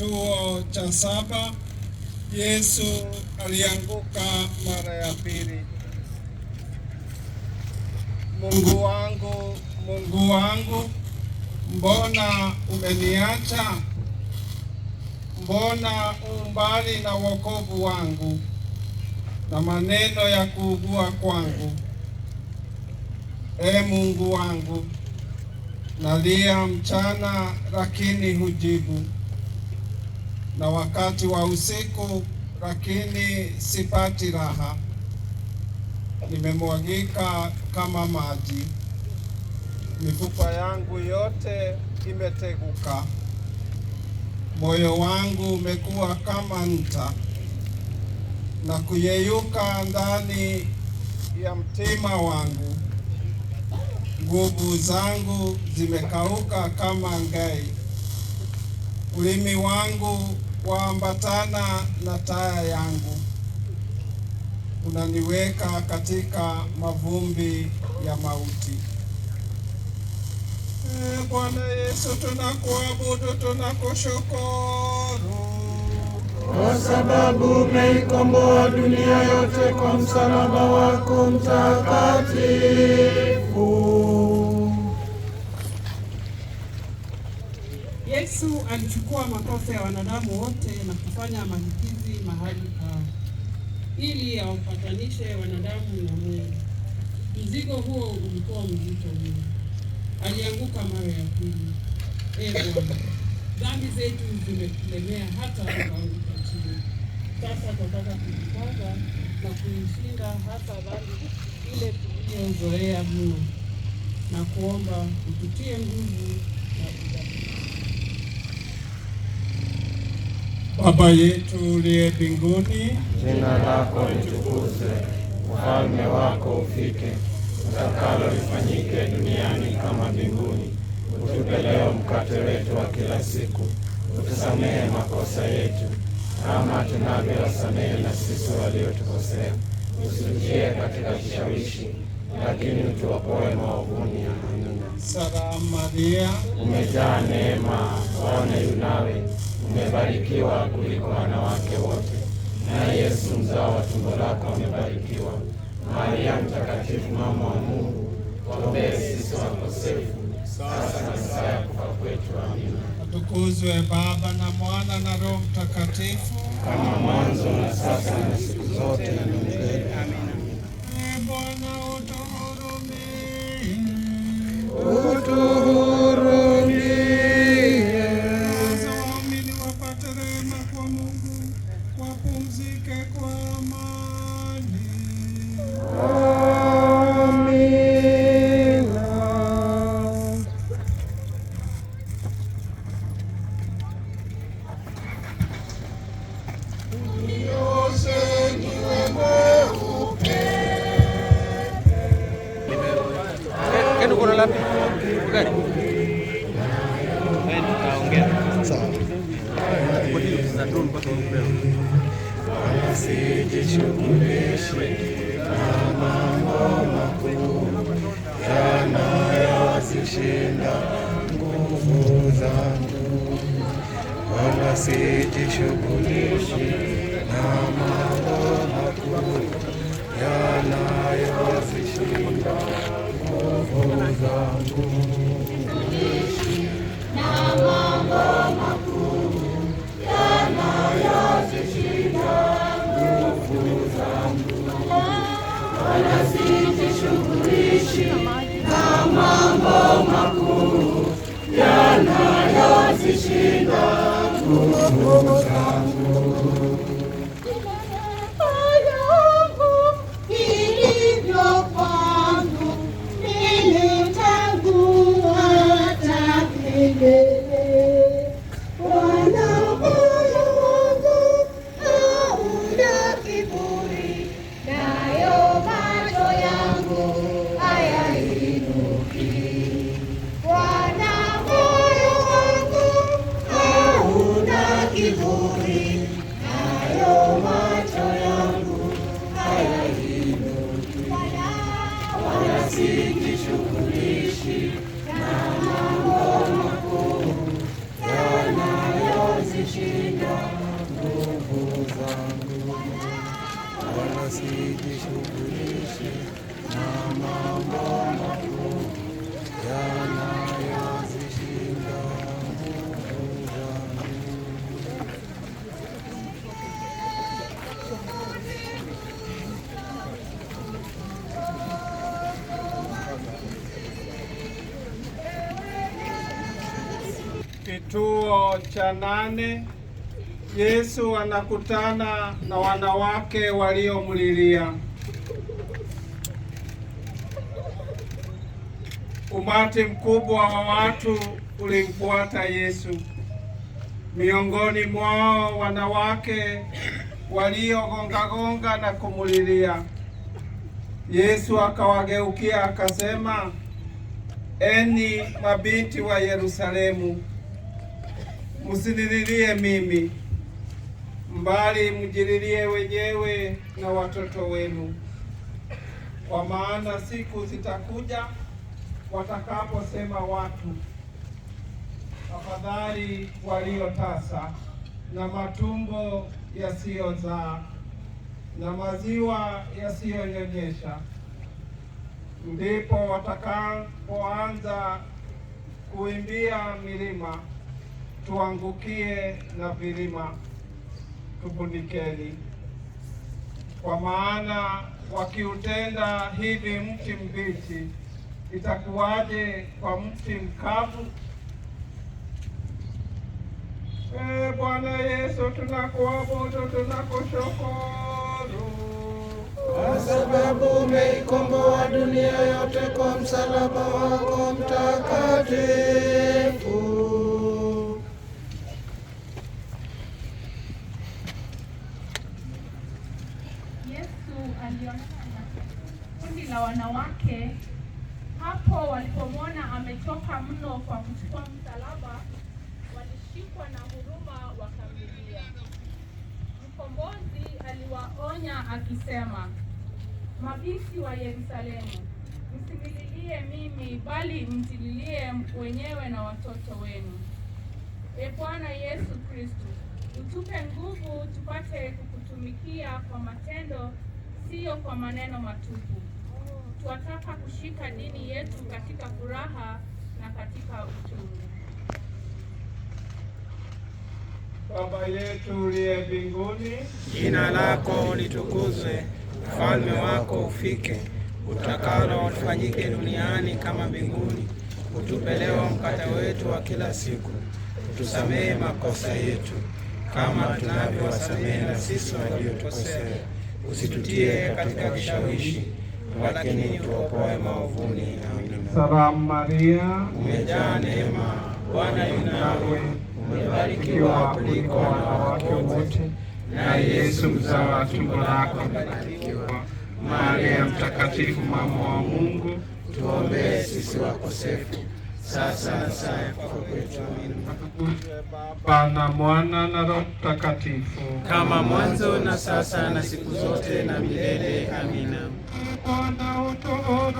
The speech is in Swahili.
Kituo cha saba, Yesu alianguka mara ya pili. Mungu wangu, Mungu wangu, mbona umeniacha? Mbona umbali na wokovu wangu na maneno ya kuugua kwangu? E Mungu wangu, nalia mchana, lakini hujibu na wakati wa usiku, lakini sipati raha, nimemwagika kama maji, mifupa yangu yote imeteguka, moyo wangu umekuwa kama nta na kuyeyuka ndani ya mtima wangu, nguvu zangu zimekauka kama ngai, ulimi wangu kuambatana na taya yangu, unaniweka katika mavumbi ya mauti. E Bwana Yesu, tunakuabudu, tunakushukuru kwa sababu umeikomboa dunia yote kwa msalaba wako mtakatifu. Yesu alichukua makosa ya wanadamu wote na kufanya mahitizi mahali pao ili awapatanishe wanadamu na Mungu. Mzigo huo ulikuwa mzito mno. Alianguka mara ya pili. e Bwana, dhambi zetu zimetulemea hata tukaanguka chini. Sasa tunataka kujikaza na kuishinda hata dhambi ile tuliyozoea mno, na kuomba ututie nguvu Baba yetu uliye mbinguni, jina lako litukuzwe, ufalme wako ufike, utakalo lifanyike duniani kama mbinguni. Utupe leo mkate wetu wa kila siku, utusamehe makosa yetu kama tunavyowasamehe na sisi waliotukosea, usitie katika kishawishi lakini utuokoe maovuni. Amina. Salamu Maria, umejaa neema, Bwana yu nawe, umebarikiwa kuliko wanawake wote, na Yesu mzao wa tumbo lako amebarikiwa. Maria Mtakatifu, mama wa Mungu, tuombee sisi wakosefu, sasa na saa ya kufa kwetu. Amina. Baba na Mwana na Roho Mtakatifu, kama mwanzo na sasa na siku zote. Amina. Oh, Dukani uko wapi? Dukani. Tutaongea. Sawa. Msijishughulishe na mambo makuu yanayozishinda nguvu zangu, wala sijishughulishe na mambo asijishughulishi na mambo makuu yanayozishinda nguvu zangu, wala na mambo makuu Kituo cha nane, Yesu anakutana na wanawake waliomlilia. Umati mkubwa wa watu ulimfuata Yesu, miongoni mwao wanawake waliogongagonga na kumulilia. Yesu akawageukia akasema, enyi mabinti wa Yerusalemu, Msinililie mimi, mbali mjililie wenyewe na watoto wenu, kwa maana siku zitakuja watakaposema watu, walio waliotasa na matumbo yasiyozaa na maziwa yasiyonyonyesha, ndipo watakapoanza kuimbia milima tuangukie na vilima, tubunikeni, kwa maana wakiutenda hivi mti mbichi, itakuwaje kwa mti mkavu? E Bwana Yesu, tunakuabudu, tunakushukuru kwa sababu umeikomboa dunia yote kwa msalaba wako mtakatifu. Onya akisema, mabinti wa Yerusalemu, msinililie mimi, bali mtililie wenyewe na watoto wenu. E Bwana Yesu Kristo, utupe nguvu tupate kukutumikia kwa matendo, siyo kwa maneno matupu. tuataka kushika dini yetu katika furaha na katika uchungu. Baba yetu uliye mbinguni, jina lako litukuzwe, ufalme wako ufike, utakalo ufanyike duniani kama mbinguni. Utupe leo mkate wetu wa kila siku, utusamehe makosa yetu kama tunavyowasamehe na sisi waliotukosea, usitutie katika kishawishi, lakini tuokoe maovuni. Amina. Salamu Maria, umejaa neema, Bwana yu nawe umebarikiwa kuliko wanawake wote, na Yesu mzao wa tumbo lako amebarikiwa. Maria Mtakatifu, mama wa Mungu, tuombee sisi wakosefu sasa na saa ya kufa kwetu. Amina. Bwana, Mwana na Roho Mtakatifu, kama mwanzo na sasa na siku zote na milele. Amina. Bwana utuhurumie.